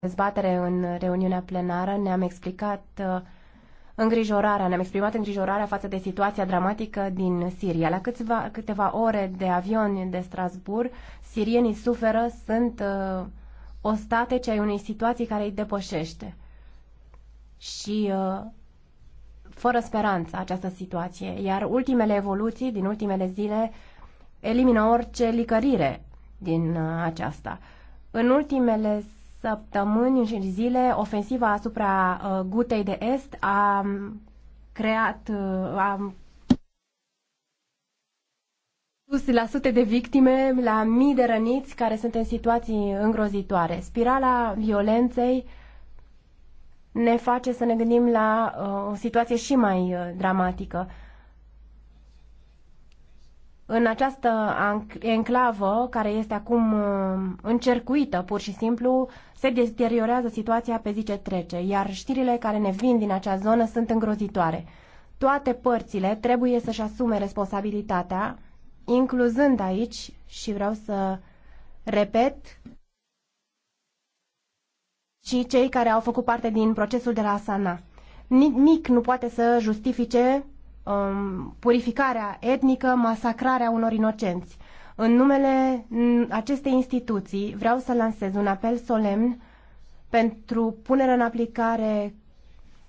dezbatere în reuniunea plenară ne-am explicat uh, îngrijorarea, ne-am exprimat îngrijorarea față de situația dramatică din Siria. La câțiva, câteva ore de avion de Strasbourg, sirienii suferă, sunt uh, ce ai unei situații care îi depășește. Și uh, fără speranță această situație. Iar ultimele evoluții din ultimele zile elimină orice licărire din uh, aceasta. În ultimele săptămâni și zile, ofensiva asupra uh, Gutei de Est a um, creat, uh, a dus la sute de victime, la mii de răniți care sunt în situații îngrozitoare. Spirala violenței ne face să ne gândim la uh, o situație și mai uh, dramatică în această enclavă care este acum uh, încercuită pur și simplu, se deteriorează situația pe zi ce trece, iar știrile care ne vin din acea zonă sunt îngrozitoare. Toate părțile trebuie să-și asume responsabilitatea, incluzând aici, și vreau să repet, și cei care au făcut parte din procesul de la Sana. Nimic nu poate să justifice um, purificarea etnică, masacrarea unor inocenți. În numele acestei instituții vreau să lansez un apel solemn pentru punerea în aplicare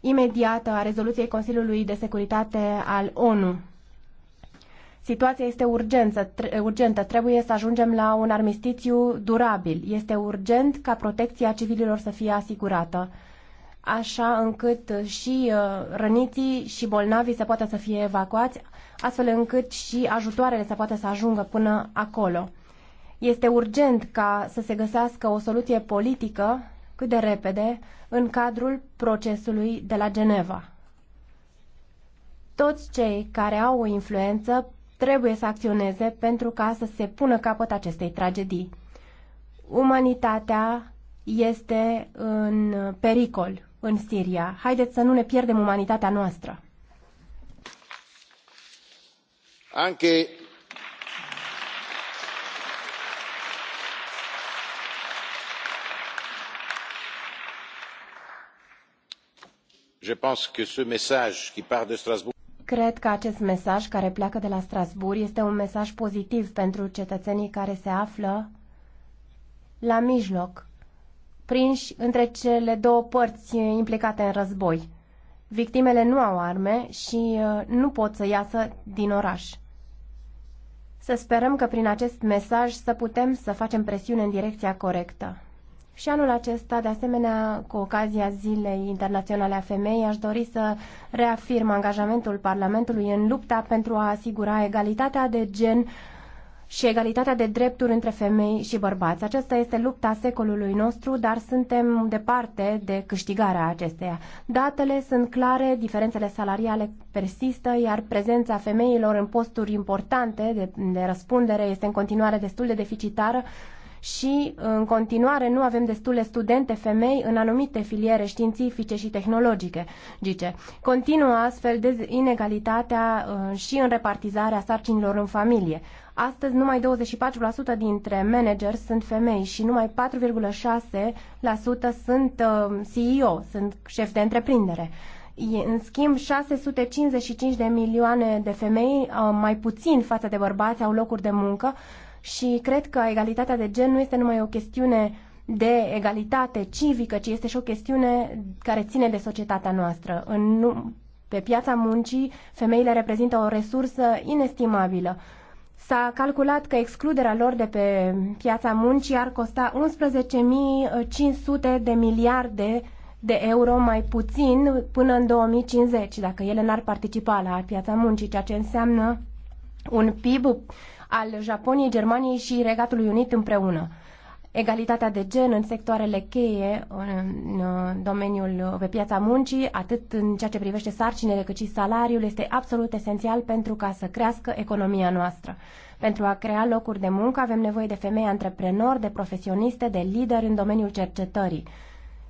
imediată a rezoluției Consiliului de Securitate al ONU. Situația este urgență, tre- urgentă, trebuie să ajungem la un armistițiu durabil. Este urgent ca protecția civililor să fie asigurată așa încât uh, și uh, răniții și bolnavii să poată să fie evacuați, astfel încât și ajutoarele să poată să ajungă până acolo. Este urgent ca să se găsească o soluție politică cât de repede în cadrul procesului de la Geneva. Toți cei care au o influență trebuie să acționeze pentru ca să se pună capăt acestei tragedii. Umanitatea este în pericol în Siria. Haideți să nu ne pierdem umanitatea noastră. Anche Je pense que ce message qui part de Strasbourg Cred că acest mesaj care pleacă de la Strasbourg este un mesaj pozitiv pentru cetățenii care se află la mijloc prinși între cele două părți implicate în război. Victimele nu au arme și uh, nu pot să iasă din oraș. Să sperăm că prin acest mesaj să putem să facem presiune în direcția corectă. Și anul acesta, de asemenea, cu ocazia Zilei Internaționale a Femeii, aș dori să reafirm angajamentul Parlamentului în lupta pentru a asigura egalitatea de gen și egalitatea de drepturi între femei și bărbați. Aceasta este lupta secolului nostru, dar suntem departe de câștigarea acesteia. Datele sunt clare, diferențele salariale persistă, iar prezența femeilor în posturi importante de, de răspundere este în continuare destul de deficitară și în continuare nu avem destule studente femei în anumite filiere științifice și tehnologice. Gice. Continuă astfel de inegalitatea uh, și în repartizarea sarcinilor în familie. Astăzi, numai 24% dintre manageri sunt femei și numai 4,6% sunt uh, CEO, sunt șef de întreprindere. În schimb, 655 de milioane de femei, uh, mai puțin față de bărbați, au locuri de muncă și cred că egalitatea de gen nu este numai o chestiune de egalitate civică, ci este și o chestiune care ține de societatea noastră. În, pe piața muncii, femeile reprezintă o resursă inestimabilă. S-a calculat că excluderea lor de pe piața muncii ar costa 11.500 de miliarde de euro mai puțin până în 2050, dacă ele n-ar participa la piața muncii, ceea ce înseamnă un PIB al Japoniei, Germaniei și Regatului Unit împreună. Egalitatea de gen în sectoarele cheie, în domeniul pe piața muncii, atât în ceea ce privește sarcinile cât și salariul, este absolut esențial pentru ca să crească economia noastră. Pentru a crea locuri de muncă avem nevoie de femei antreprenori, de profesioniste, de lideri în domeniul cercetării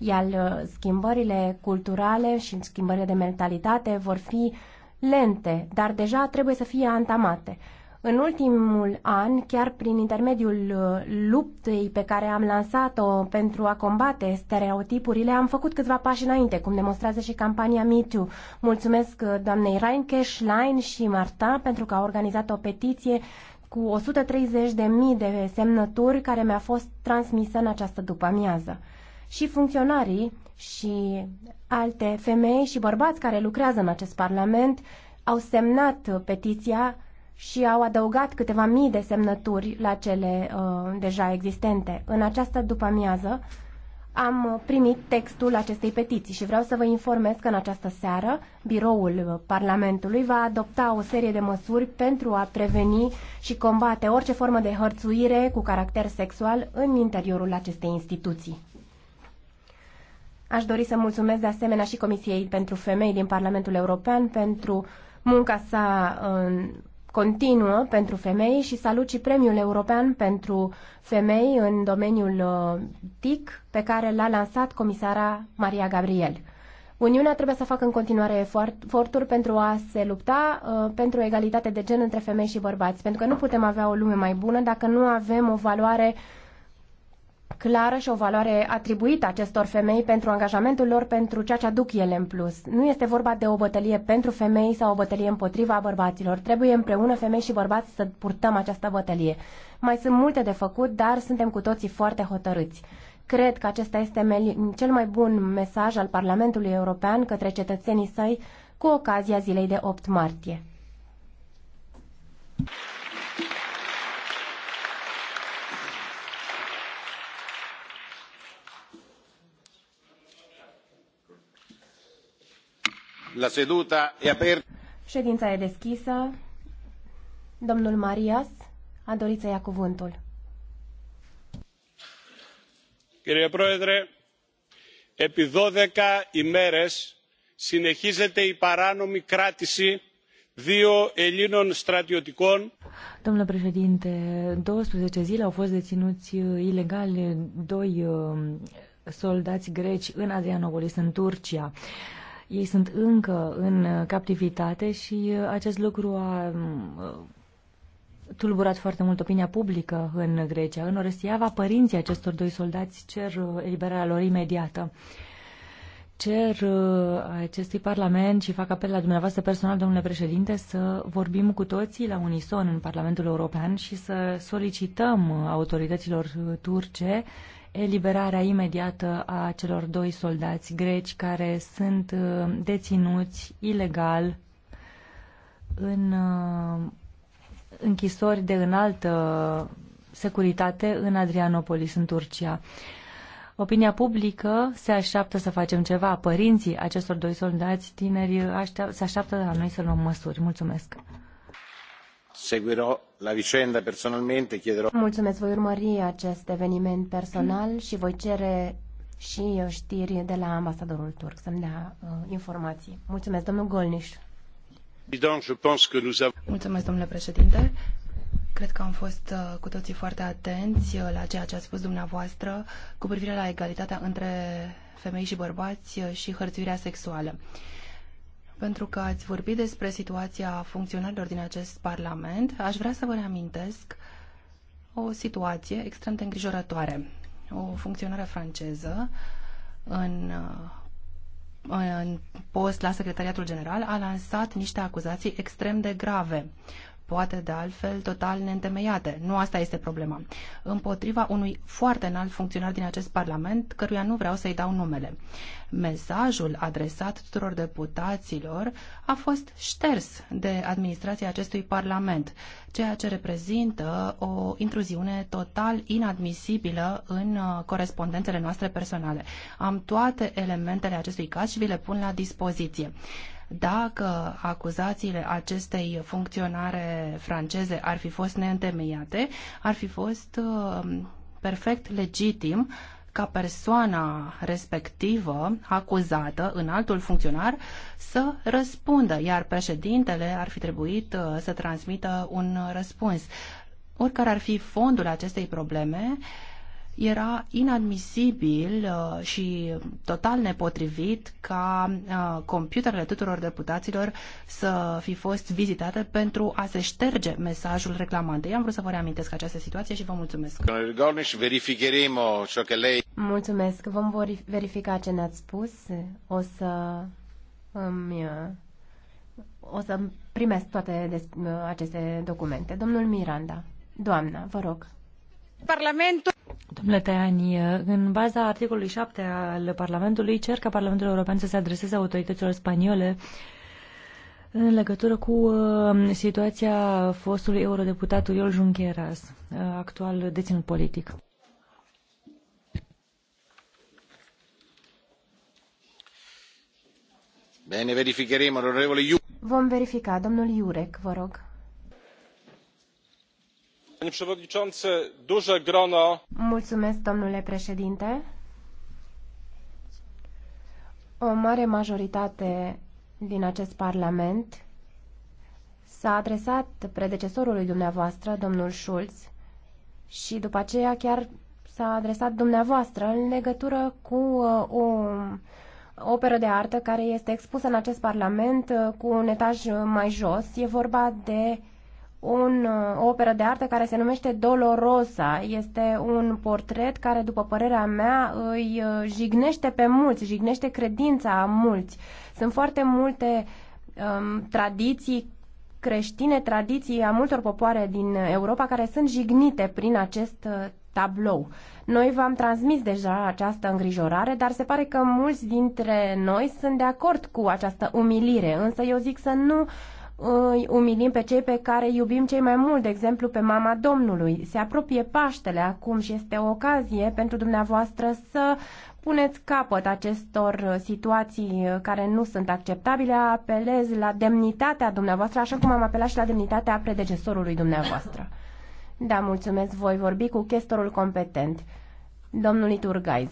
iar uh, schimbările culturale și schimbările de mentalitate vor fi lente, dar deja trebuie să fie antamate. În ultimul an, chiar prin intermediul uh, luptei pe care am lansat-o pentru a combate stereotipurile, am făcut câțiva pași înainte, cum demonstrează și campania MeToo. Mulțumesc uh, doamnei Reinke, Schlein și Marta pentru că au organizat o petiție cu 130.000 de semnături care mi-a fost transmisă în această după-amiază. Și funcționarii și alte femei și bărbați care lucrează în acest parlament au semnat petiția și au adăugat câteva mii de semnături la cele uh, deja existente. În această după-amiază am primit textul acestei petiții și vreau să vă informez că în această seară biroul Parlamentului va adopta o serie de măsuri pentru a preveni și combate orice formă de hărțuire cu caracter sexual în interiorul acestei instituții. Aș dori să mulțumesc de asemenea și Comisiei pentru Femei din Parlamentul European pentru munca sa în continuă pentru femei și salut și premiul european pentru femei în domeniul uh, TIC pe care l-a lansat comisara Maria Gabriel. Uniunea trebuie să facă în continuare eforturi pentru a se lupta uh, pentru egalitate de gen între femei și bărbați, pentru că nu putem avea o lume mai bună dacă nu avem o valoare uh, clară și o valoare atribuită acestor femei pentru angajamentul lor pentru ceea ce aduc ele în plus. Nu este vorba de o bătălie pentru femei sau o bătălie împotriva bărbaților. Trebuie împreună femei și bărbați să purtăm această bătălie. Mai sunt multe de făcut, dar suntem cu toții foarte hotărâți. Cred că acesta este cel mai bun mesaj al Parlamentului European către cetățenii săi cu ocazia zilei de 8 martie. La seduta e aperta. Ședința e deschisă. Domnul Marias a dorit să ia cuvântul. Κύριε Πρόεδρε, επί 12 ημέρες συνεχίζεται η παράνομη κράτηση δύο Ελλήνων στρατιωτικών. Domnule președinte, 12 zile au fost deținuți ilegal doi uh, soldați greci în Adrianopolis, în Turcia. Ei sunt încă în captivitate și uh, acest lucru a mm, uh, tulburat foarte mult opinia publică în Grecia. În Orestiava, părinții acestor doi soldați cer uh, eliberarea lor imediată. Cer acestui Parlament și fac apel la dumneavoastră personal, domnule președinte, să vorbim cu toții la unison în Parlamentul European și să solicităm autorităților turce eliberarea imediată a celor doi soldați greci care sunt uh, deținuți ilegal în uh, închisori de înaltă securitate în Adrianopolis, în Turcia. Opinia publică se așteaptă să facem ceva. Părinții acestor doi soldați tineri așteap- se așteaptă la noi să luăm măsuri. Mulțumesc. Seguirò la vicenda personalmente, chiederò... Mulțumesc, voi urmări acest eveniment personal și voi cere și uh, știri de la ambasadorul turc să-mi dea uh, informații. Mulțumesc, domnul Golniș. Mulțumesc, domnule președinte. Cred că am fost uh, cu toții foarte atenți uh, la ceea ce a spus dumneavoastră cu privire la egalitatea între femei și bărbați și hărțuirea sexuală pentru că ați vorbit despre situația funcționarilor din acest Parlament. Aș vrea să vă reamintesc o situație extrem de îngrijorătoare. O funcționară franceză în, în post la Secretariatul General a lansat niște acuzații extrem de grave poate de altfel total neîntemeiate. Nu asta este problema. Împotriva unui foarte înalt funcționar din acest Parlament, căruia nu vreau să-i dau numele. Mesajul adresat tuturor deputaților a fost șters de administrația acestui Parlament, ceea ce reprezintă o intruziune total inadmisibilă în uh, corespondențele noastre personale. Am toate elementele acestui caz și vi le pun la dispoziție. Dacă acuzațiile acestei funcționare franceze ar fi fost neîntemeiate, ar fi fost uh, perfect legitim ca persoana respectivă, acuzată, în altul funcționar, să răspundă, iar președintele ar fi trebuit uh, să transmită un răspuns. Oricare ar fi fondul acestei probleme, uh, era inadmisibil uh, și total nepotrivit ca uh, computerele tuturor deputaților să fi fost vizitate pentru a se șterge mesajul reclamantei. Am vrut să vă reamintesc această situație și vă mulțumesc. Mulțumesc. Vom verifica ce ne-ați spus. O să îmi uh, o să primesc toate aceste documente. Domnul Miranda, doamna, vă rog. Parlamentul. Domnule Tajani, în baza articolului 7 al Parlamentului, cer ca Parlamentul European să se adreseze autorităților spaniole în legătură cu uh, situația fostului eurodeputat Uriol Junqueras, uh, actual deținut politic. Bine, verificheremo, onorevole Vom verifica, domnul Iurec, vă rog. Panie przewodniczący, duże grono. Mulțumesc, domnule președinte. O mare majoritate din acest parlament s-a adresat predecesorului dumneavoastră, domnul Schulz, și după aceea chiar s-a adresat dumneavoastră în legătură cu uh, o operă de artă care este expusă în acest parlament uh, cu un etaj mai jos. E vorba de un, o operă de artă care se numește Dolorosa. Este un portret care, după părerea mea, îi uh, jignește pe mulți, jignește credința a mulți. Sunt foarte multe um, tradiții creștine, tradiții a multor popoare din Europa care sunt jignite prin acest uh, tablou. Noi v-am transmis deja această îngrijorare, dar se pare că mulți dintre noi sunt de acord cu această umilire, însă eu zic să nu uh, îi umilim pe cei pe care îi iubim cei mai mult, de exemplu pe mama Domnului. Se apropie Paștele acum și este o ocazie pentru dumneavoastră să puneți capăt acestor situații care nu sunt acceptabile. Apelez la demnitatea dumneavoastră, așa cum am apelat și la demnitatea predecesorului dumneavoastră. Da, mulțumesc, voi vorbi cu chestorul competent, domnul Iturgaiz.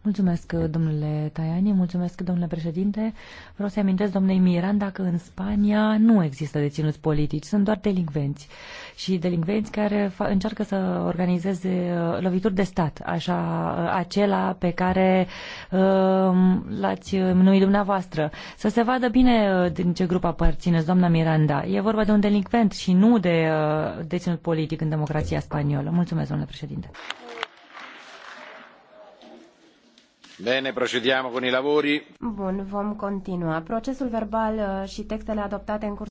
Mulțumesc, domnule Tajani, mulțumesc, domnule președinte. Vreau să amintesc domnei Miranda că în Spania nu există deținuți politici, sunt doar delinvenți. Și delinvenți care încearcă să organizeze uh, lovituri de stat, așa uh, acela pe care um, l-ați numit dumneavoastră. Să se vadă bine uh, din ce grup aparțineți, doamna Miranda. E vorba de un delinvent și nu de deținut politic în democrația spaniolă. Mulțumesc, domnule președinte. Bine, procediamo con i lavori. Bun, vom continua. Procesul verbal uh, și textele adoptate în curs